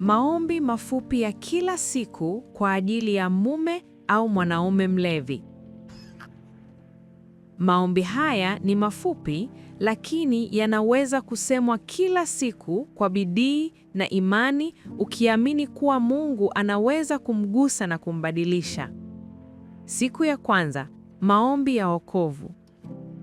Maombi mafupi ya kila siku kwa ajili ya mume au mwanaume mlevi. Maombi haya ni mafupi lakini yanaweza kusemwa kila siku kwa bidii na imani ukiamini kuwa Mungu anaweza kumgusa na kumbadilisha. Siku ya kwanza, maombi ya wokovu.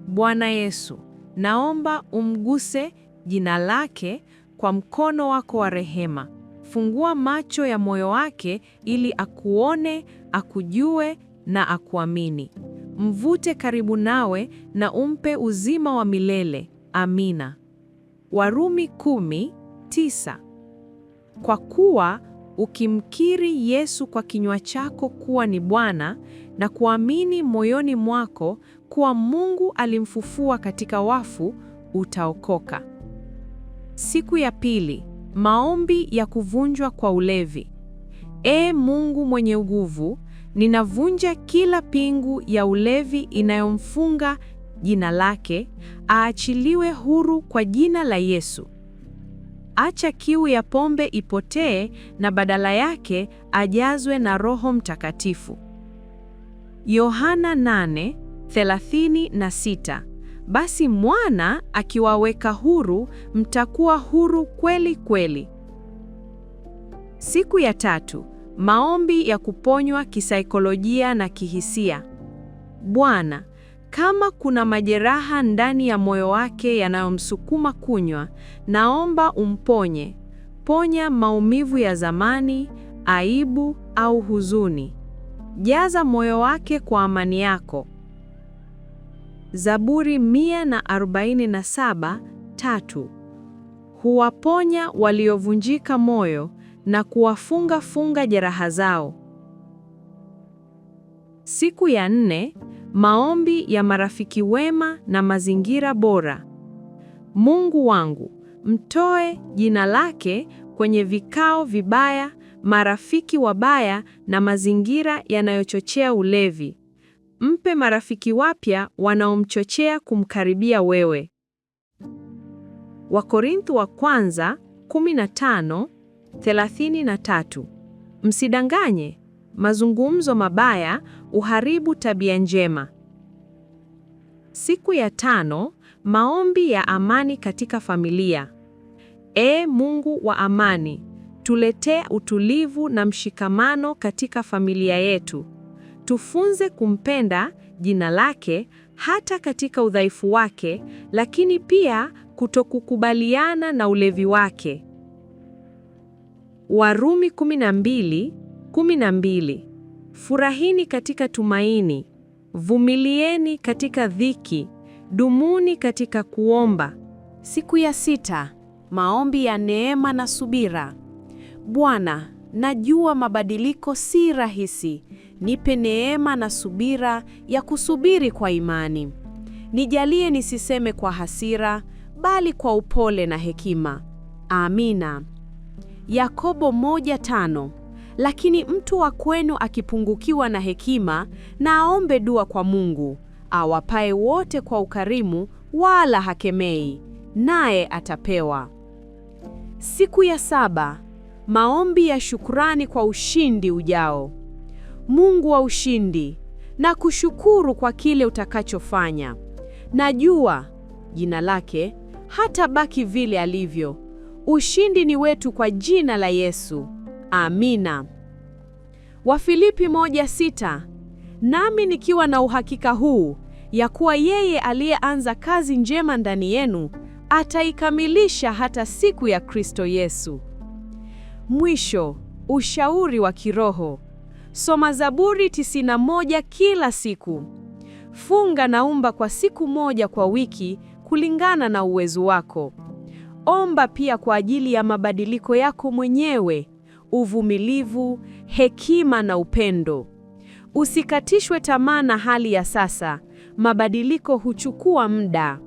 Bwana Yesu, naomba umguse jina lake kwa mkono wako wa rehema. Fungua macho ya moyo wake ili akuone, akujue na akuamini. Mvute karibu nawe na umpe uzima wa milele. Amina. Warumi kumi, tisa. Kwa kuwa ukimkiri Yesu kwa kinywa chako kuwa ni Bwana na kuamini moyoni mwako kuwa Mungu alimfufua katika wafu, utaokoka. Siku ya pili. Maombi ya kuvunjwa kwa ulevi. E Mungu mwenye nguvu, ninavunja kila pingu ya ulevi inayomfunga jina lake, aachiliwe huru kwa jina la Yesu. Acha kiu ya pombe ipotee na badala yake ajazwe na Roho Mtakatifu. Yohana 8:36 basi mwana akiwaweka huru, mtakuwa huru kweli kweli. Siku ya tatu, maombi ya kuponywa kisaikolojia na kihisia. Bwana, kama kuna majeraha ndani ya moyo wake yanayomsukuma kunywa, naomba umponye. Ponya maumivu ya zamani, aibu au huzuni. Jaza moyo wake kwa amani yako. Zaburi 147 tatu. Huwaponya waliovunjika moyo na kuwafunga funga jeraha zao. Siku ya nne, maombi ya marafiki wema na mazingira bora. Mungu wangu, mtoe jina lake kwenye vikao vibaya, marafiki wabaya na mazingira yanayochochea ulevi. Mpe marafiki wapya wanaomchochea kumkaribia wewe. Wakorintho wa kwanza 15:33. Msidanganye, mazungumzo mabaya uharibu tabia njema. Siku ya tano, maombi ya amani katika familia. Ee Mungu wa amani, tuletee utulivu na mshikamano katika familia yetu. Tufunze kumpenda jina lake hata katika udhaifu wake, lakini pia kutokukubaliana na ulevi wake. Warumi 12, 12. Furahini katika tumaini, vumilieni katika dhiki, dumuni katika kuomba. Siku ya sita, maombi ya neema na subira. Bwana, najua mabadiliko si rahisi nipe neema na subira ya kusubiri kwa imani. Nijalie nisiseme kwa hasira, bali kwa upole na hekima. Amina. Yakobo moja tano. Lakini mtu wa kwenu akipungukiwa na hekima, na aombe dua kwa Mungu, awapae wote kwa ukarimu, wala hakemei, naye atapewa. Siku ya saba, maombi ya shukrani kwa ushindi ujao. Mungu wa ushindi, na kushukuru kwa kile utakachofanya. Najua jina lake hata baki vile alivyo. Ushindi ni wetu kwa jina la Yesu. Amina. Wafilipi moja sita. Nami nikiwa na uhakika huu ya kuwa yeye aliyeanza kazi njema ndani yenu ataikamilisha hata siku ya Kristo Yesu. Mwisho, ushauri wa kiroho. Soma Zaburi 91 kila siku. Funga na umba kwa siku moja kwa wiki kulingana na uwezo wako. Omba pia kwa ajili ya mabadiliko yako mwenyewe, uvumilivu, hekima na upendo. Usikatishwe tamaa na hali ya sasa. Mabadiliko huchukua muda.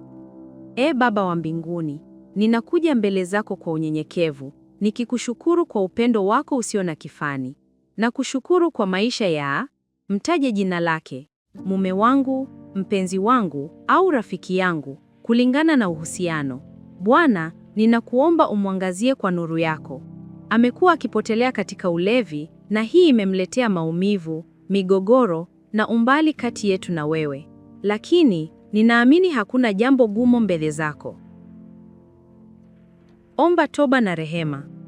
E Baba wa mbinguni, ninakuja mbele zako kwa unyenyekevu, nikikushukuru kwa upendo wako usio na kifani na kushukuru kwa maisha ya mtaje jina lake, mume wangu, mpenzi wangu au rafiki yangu, kulingana na uhusiano. Bwana, ninakuomba umwangazie kwa nuru yako. Amekuwa akipotelea katika ulevi, na hii imemletea maumivu, migogoro na umbali kati yetu na wewe, lakini ninaamini hakuna jambo gumu mbele zako. Omba toba na rehema.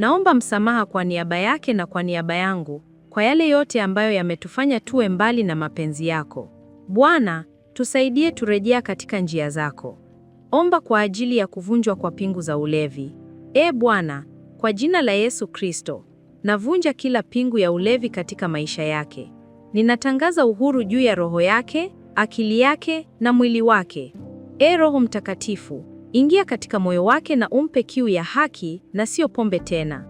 Naomba msamaha kwa niaba yake na kwa niaba yangu kwa yale yote ambayo yametufanya tuwe mbali na mapenzi yako. Bwana, tusaidie turejea katika njia zako. Omba kwa ajili ya kuvunjwa kwa pingu za ulevi. E Bwana, kwa jina la Yesu Kristo, navunja kila pingu ya ulevi katika maisha yake. Ninatangaza uhuru juu ya roho yake, akili yake na mwili wake. E Roho Mtakatifu, Ingia katika moyo wake na umpe kiu ya haki na sio pombe tena.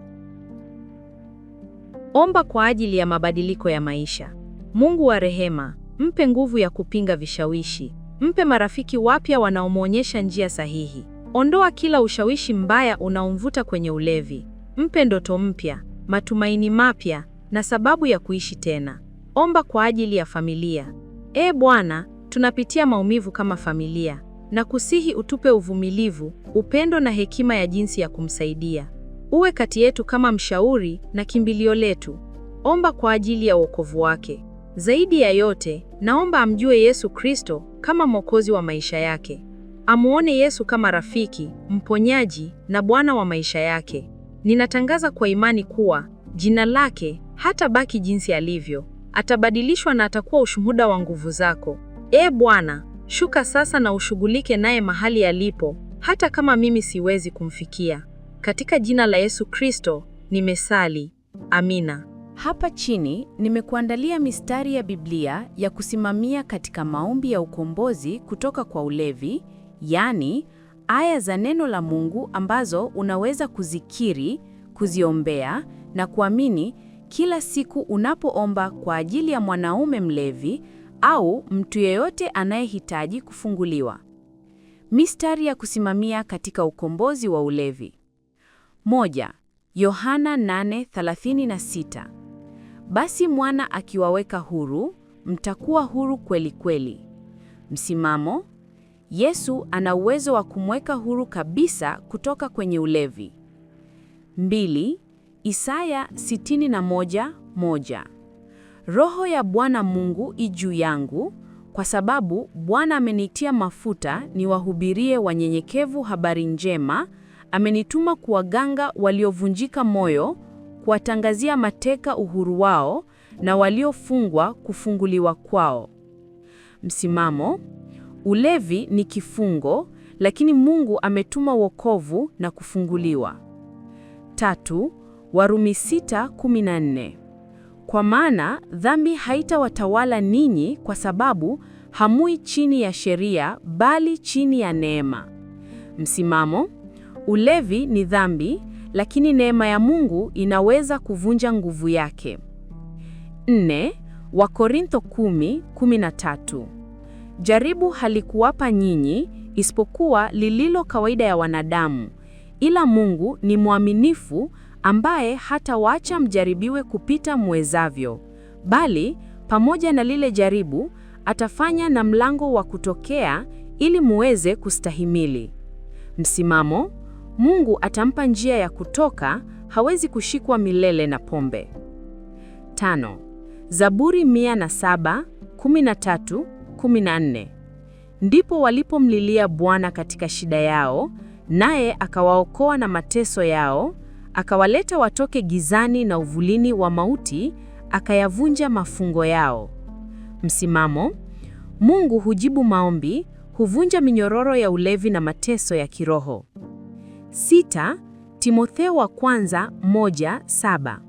Omba kwa ajili ya mabadiliko ya maisha. Mungu wa rehema, mpe nguvu ya kupinga vishawishi. Mpe marafiki wapya wanaomwonyesha njia sahihi. Ondoa kila ushawishi mbaya unaomvuta kwenye ulevi. Mpe ndoto mpya, matumaini mapya na sababu ya kuishi tena. Omba kwa ajili ya familia. Ee Bwana, tunapitia maumivu kama familia na kusihi utupe uvumilivu, upendo na hekima ya jinsi ya kumsaidia. Uwe kati yetu kama mshauri na kimbilio letu. Omba kwa ajili ya wokovu wake. Zaidi ya yote, naomba amjue Yesu Kristo kama Mwokozi wa maisha yake. Amuone Yesu kama rafiki, mponyaji na Bwana wa maisha yake. Ninatangaza kwa imani kuwa jina lake hatabaki jinsi alivyo. Atabadilishwa na atakuwa ushuhuda wa nguvu zako. Ee Bwana, Shuka sasa na ushughulike naye mahali alipo, hata kama mimi siwezi kumfikia. Katika jina la Yesu Kristo nimesali, amina. Hapa chini nimekuandalia mistari ya Biblia ya kusimamia katika maombi ya ukombozi kutoka kwa ulevi, yaani aya za neno la Mungu ambazo unaweza kuzikiri, kuziombea na kuamini kila siku unapoomba kwa ajili ya mwanaume mlevi au mtu yeyote anayehitaji kufunguliwa. Mistari ya kusimamia katika ukombozi wa ulevi. Moja, Yohana 8:36. Basi mwana akiwaweka huru, mtakuwa huru kweli kweli. Msimamo: Yesu ana uwezo wa kumweka huru kabisa kutoka kwenye ulevi. Mbili, Isaya 61:1. Roho ya Bwana Mungu i juu yangu, kwa sababu Bwana amenitia mafuta niwahubirie wanyenyekevu habari njema. Amenituma kuwaganga waliovunjika moyo, kuwatangazia mateka uhuru wao na waliofungwa kufunguliwa kwao. Msimamo: ulevi ni kifungo, lakini Mungu ametuma wokovu na kufunguliwa. Tatu, Warumi 6:14 kwa maana dhambi haitawatawala ninyi kwa sababu hamui chini ya sheria bali chini ya neema. Msimamo: ulevi ni dhambi, lakini neema ya Mungu inaweza kuvunja nguvu yake. Nne, Wakorintho 10:13. Jaribu halikuwapa nyinyi isipokuwa lililo kawaida ya wanadamu, ila Mungu ni mwaminifu ambaye wacha mjaribiwe kupita mwezavyo, bali pamoja na lile jaribu atafanya na mlango wa kutokea ili muweze kustahimili. Msimamo, Mungu atampa njia ya kutoka, hawezi kushikwa milele na pombe. Tano, Zaburi 107, 14. Ndipo walipomlilia Bwana katika shida yao, naye akawaokoa na mateso yao, akawaleta watoke gizani na uvulini wa mauti, akayavunja mafungo yao. Msimamo: Mungu hujibu maombi, huvunja minyororo ya ulevi na mateso ya kiroho. Sita, Timotheo wa kwanza moja saba.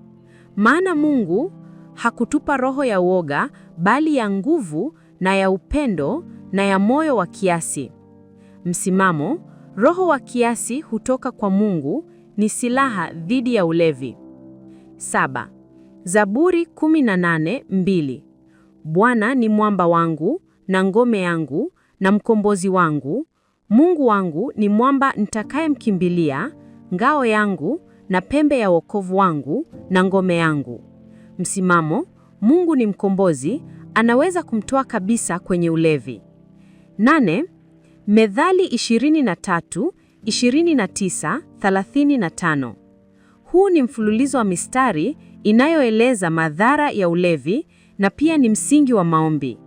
Maana Mungu hakutupa roho ya uoga, bali ya nguvu na ya upendo na ya moyo wa kiasi. Msimamo: roho wa kiasi hutoka kwa Mungu ni silaha dhidi ya ulevi. Saba, Zaburi 18:2. Bwana ni mwamba wangu na ngome yangu na mkombozi wangu, Mungu wangu ni mwamba nitakayemkimbilia, ngao yangu na pembe ya wokovu wangu na ngome yangu. Msimamo: Mungu ni mkombozi, anaweza kumtoa kabisa kwenye ulevi. Nane, Methali 23 29:35. Huu ni mfululizo wa mistari inayoeleza madhara ya ulevi na pia ni msingi wa maombi.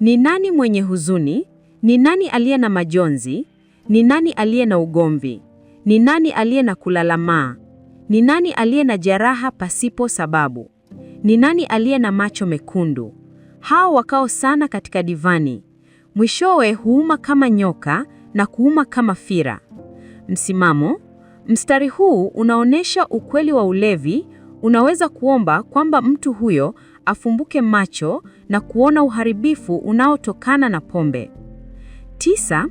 Ni nani mwenye huzuni? Ni nani aliye na majonzi? Ni nani aliye na ugomvi? Ni nani aliye na kulalamaa? Ni nani aliye na jeraha pasipo sababu? Ni nani aliye na macho mekundu? Hao wakao sana katika divani, mwishowe huuma kama nyoka na kuuma kama fira. Msimamo. Mstari huu unaonesha ukweli wa ulevi. Unaweza kuomba kwamba mtu huyo afumbuke macho na kuona uharibifu unaotokana na pombe. Tisa,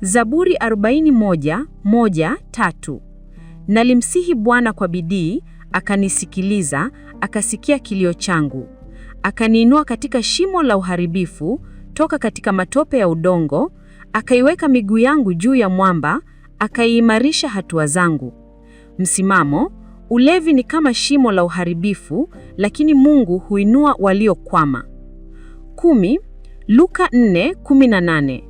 Zaburi 41:1-3. Nalimsihi Bwana kwa bidii, akanisikiliza, akasikia kilio changu. Akaniinua katika shimo la uharibifu, toka katika matope ya udongo, akaiweka miguu yangu juu ya mwamba akaiimarisha hatua zangu. Msimamo, ulevi ni kama shimo la uharibifu, lakini Mungu huinua waliokwama. Kumi, Luka 4:18.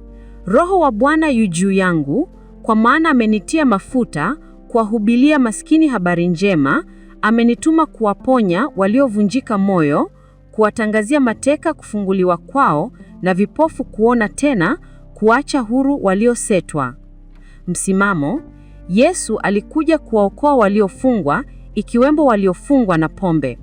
Roho wa Bwana yu juu yangu, kwa maana amenitia mafuta kuwahubilia maskini habari njema, amenituma kuwaponya waliovunjika moyo, kuwatangazia mateka kufunguliwa kwao na vipofu kuona tena, kuacha huru waliosetwa msimamo, Yesu alikuja kuwaokoa waliofungwa, ikiwemo waliofungwa na pombe.